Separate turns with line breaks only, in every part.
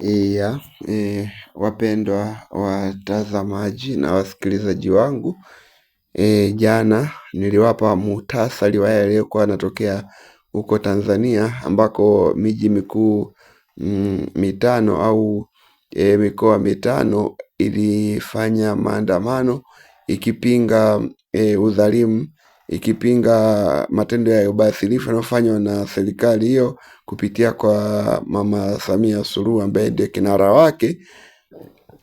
ya e, wapendwa watazamaji na wasikilizaji wangu e, jana niliwapa muhtasari wa yaliyokuwa yanatokea huko Tanzania ambako miji mikuu mm, mitano au e, mikoa mitano ilifanya maandamano ikipinga e, udhalimu ikipinga matendo ya ubadhirifu yanayofanywa na serikali hiyo kupitia kwa Mama Samia Suluhu ambaye ndiye kinara wake,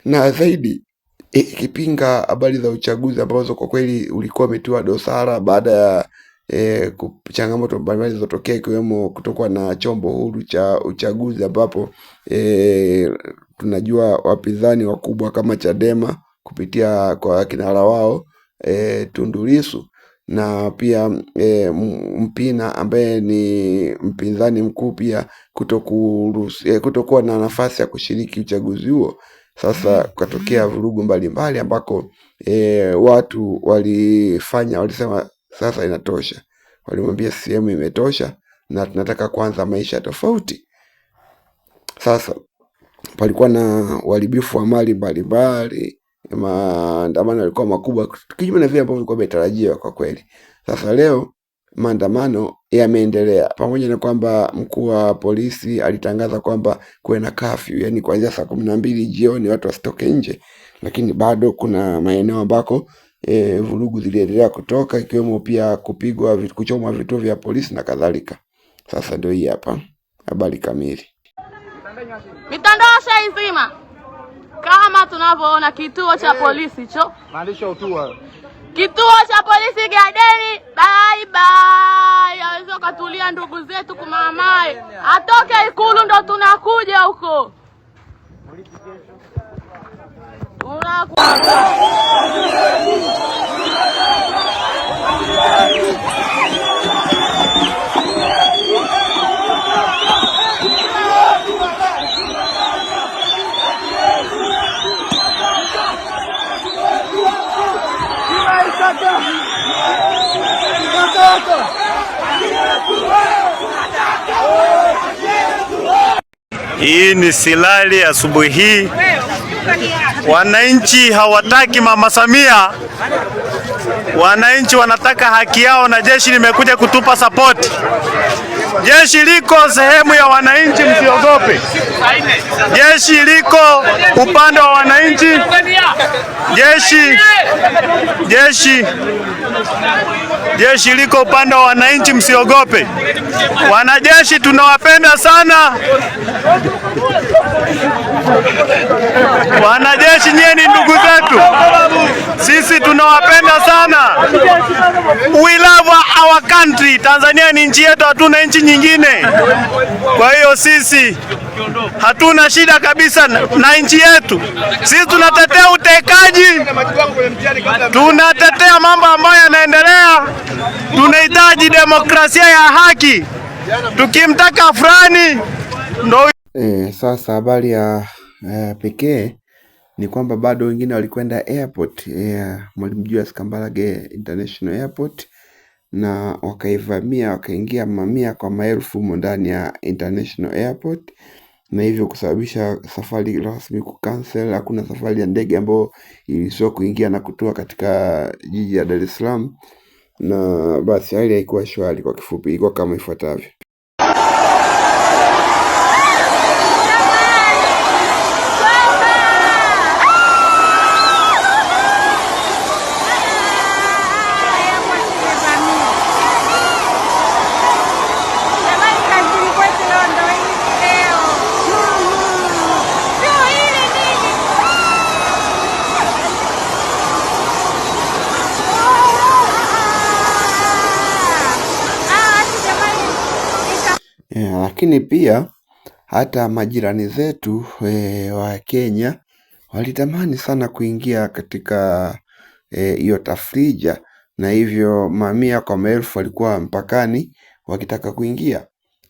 na zaidi ikipinga habari za uchaguzi ambazo kwa kweli ulikuwa umetiwa dosara baada ya E, changamoto mbalimbali zilizotokea ikiwemo kutokuwa na chombo huru cha uchaguzi ambapo e, tunajua wapinzani wakubwa kama Chadema kupitia kwa kinara wao e, Tundu Lissu na pia e, Mpina ambaye ni mpinzani mkuu pia kutokuruhusu, eh, kutokuwa na nafasi ya kushiriki uchaguzi huo. Sasa mm-hmm. kukatokea mm-hmm. vurugu mbalimbali ambako e, watu walifanya walisema, sasa inatosha, walimwambia sehemu imetosha na tunataka kuanza maisha tofauti. Sasa palikuwa na uharibifu wa mali mbalimbali maandamano yalikuwa makubwa kinyume na vile ambavyo ilikuwa imetarajiwa kwa kweli. Sasa leo maandamano yameendelea pamoja na kwamba mkuu wa polisi alitangaza kwamba kuwe na kafyu, yani kuanzia saa kumi na mbili jioni watu wasitoke nje, lakini bado kuna maeneo ambako e, vurugu ziliendelea kutoka ikiwemo pia kupigwa, kuchomwa vituo vya polisi na kadhalika. Sasa ndio hii hapa habari kamili.
Mitandao nzima kama tunavyoona kituo cha polisi cho
maandisha utua
kituo cha polisi Gadeni. Bye bye, aweza ukatulia ndugu zetu kumamae, atoke Ikulu ndo tunakuja huko unakuja
Hii ni silali asubuhi hii. Wananchi hawataki Mama Samia, wananchi wanataka haki yao, na jeshi limekuja kutupa sapoti. Jeshi liko sehemu ya wananchi, msiogope. Jeshi liko upande wa wananchi. Jeshi jeshi jeshi liko upande wa wananchi, msiogope. Wanajeshi tunawapenda sana wanajeshi, nyie ni ndugu zetu, sisi tunawapenda sana country. Tanzania ni nchi yetu, hatuna nchi nyingine. Kwa hiyo sisi hatuna shida kabisa na nchi yetu. Sisi tunatetea utekaji, tunatetea mambo ambayo yanaendelea. Tunahitaji demokrasia ya haki, tukimtaka fulani
ndo eh. Sasa habari ya eh, pekee ni kwamba bado wengine walikwenda airport ya eh, Mwalimu Julius Kambarage International Airport na wakaivamia wakaingia mamia kwa maelfu humo ndani ya International Airport, na hivyo kusababisha safari rasmi kukansel. Hakuna safari ya ndege ambayo ilisiwa kuingia na kutua katika jiji la Dar es Salaam, na basi hali haikuwa shwari. Kwa kifupi, ilikuwa kama ifuatavyo. Eh, lakini pia hata majirani zetu eh, wa Kenya walitamani sana kuingia katika eh, hiyo tafrija na hivyo mamia kwa maelfu walikuwa mpakani wakitaka kuingia.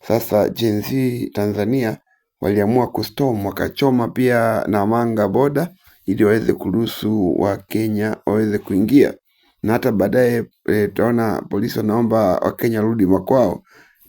Sasa Gen Z Tanzania waliamua kustorm wakachoma pia Namanga boda ili waweze kuruhusu wakenya waweze kuingia na hata baadaye tutaona polisi wanaomba wakenya rudi makwao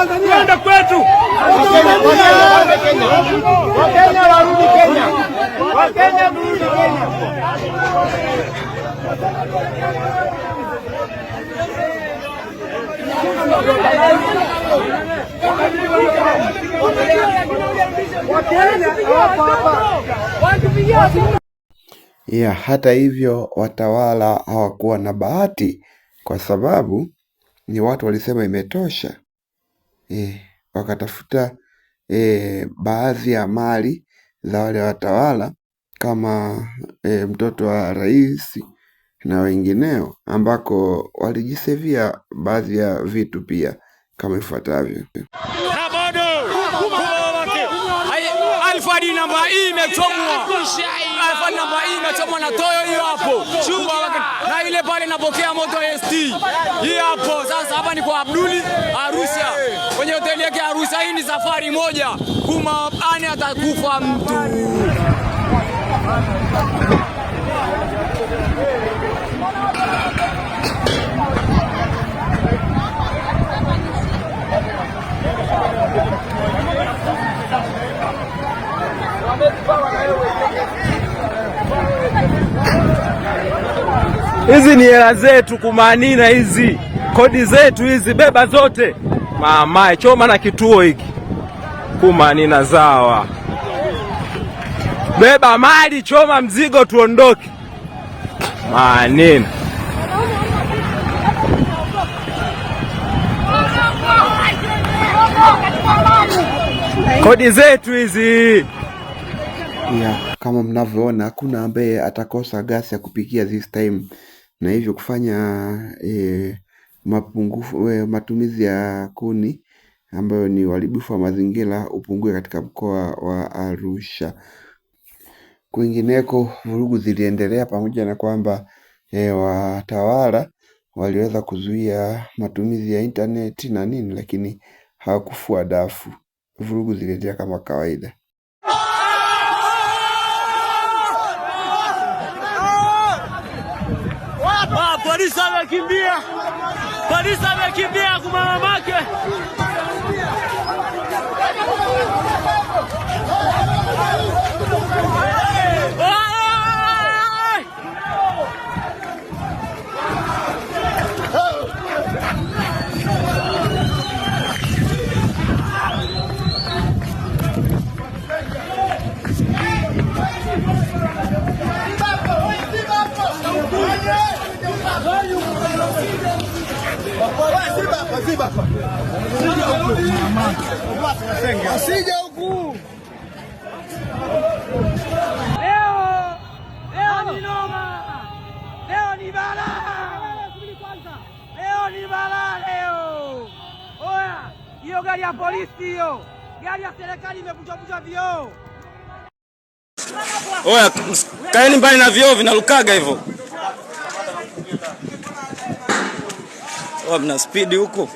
Twende kwetu. Wakenya warudi Kenya. Wakenya mrudi Kenya. Yeah, hata hivyo watawala hawakuwa na bahati kwa sababu ni watu walisema imetosha e, wakatafuta e, baadhi ya mali za wale watawala kama e, mtoto wa rais na wengineo, ambako walijisevia baadhi ya vitu pia kama ifuatavyo. namba hii imechomwa, alfa namba hii imechomwa na toyo hiyo hapo na ile pale inapokea moto ST hii hapo. Sasa hapa ni kwa Abduli Arusha, kwenye hoteli yake Arusha. Hii ni safari moja, kuma atakufa mtu.
hizi ni hela zetu kumanina, hizi kodi zetu hizi, beba zote mamae, choma na kituo hiki kumanina zawa, beba mali, choma mzigo, tuondoke manina kodi zetu hizi
yeah. Kama mnavyoona hakuna ambaye atakosa gasi ya kupikia this time na hivyo kufanya eh, mapungufu eh, matumizi ya kuni ambayo ni uharibifu wa mazingira upungue katika mkoa wa Arusha. Kwingineko vurugu ziliendelea pamoja na kwamba eh, watawala waliweza kuzuia matumizi ya intaneti na nini lakini hawakufua dafu. Vurugu ziliendelea kama kawaida. amekimbia, Parisa amekimbia kwa mamake.
Wasija huku leo, leo ni noma, leo ni leo ni leo. Oya, hiyo gari ya polisi, hiyo gari ya serikali imevunjavunja vioo. Oya, kaeni mbali na vioo vinalukaga hivyo. Mna spidi huko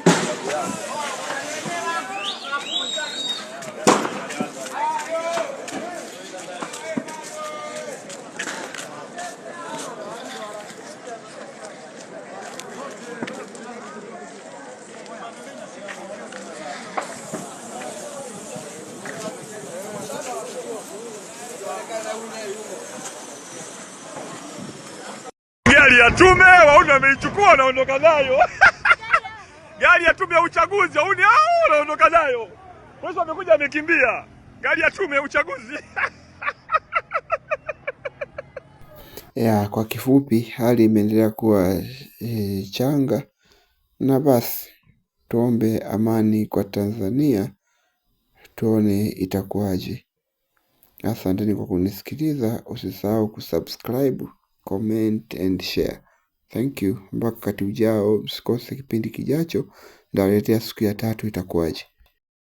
gari ya tume wauni wameichukua wanaondoka nayo. gari ya tume ya uchaguzi auni unaondoka nayo. Kwa amekuja amekimbia gari ya tume ya uchaguzi
ya. Kwa kifupi, hali imeendelea kuwa e, changa, na basi tuombe amani kwa Tanzania, tuone itakuwaje. Asanteni kwa kunisikiliza, usisahau kusubscribe, comment and share. Thank you. Mpaka wakati ujao, msikose kipindi kijacho. ndaletea siku ya tatu itakuwaje.